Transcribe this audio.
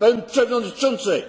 pani przewodniczący!